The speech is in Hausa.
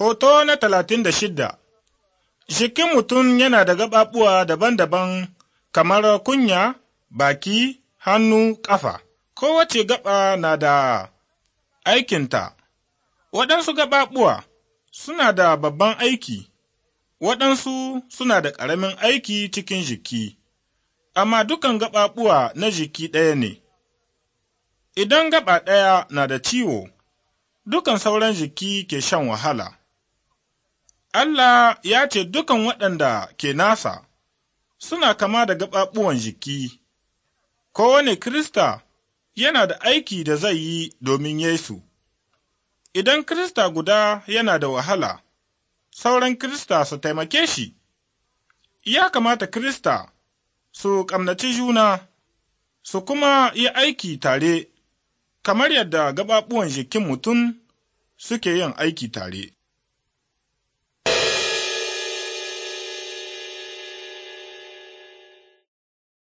Hoto na talatin da shidda Jikin mutum yana da gaɓaɓuwa daban-daban kamar kunya, baki, hannu, ƙafa. Kowace gaɓa na da aikinta. Waɗansu gaɓaɓuwa suna da babban aiki, waɗansu suna da ƙaramin aiki cikin jiki, amma dukan gaɓaɓuwa na jiki ɗaya ne. Idan gaɓa ɗaya na da ciwo, dukan sauran jiki ke shan wahala. Allah ya ce dukan waɗanda ke nasa suna kama da gaɓaɓuwan jiki, kowane Krista yana da aiki da zai yi domin Yesu. Idan Krista guda yana da wahala, sauran Krista su taimake shi, ya kamata Krista su ƙamnaci juna, su kuma yi aiki tare, kamar yadda gaɓaɓuwan jikin mutum suke yin aiki tare.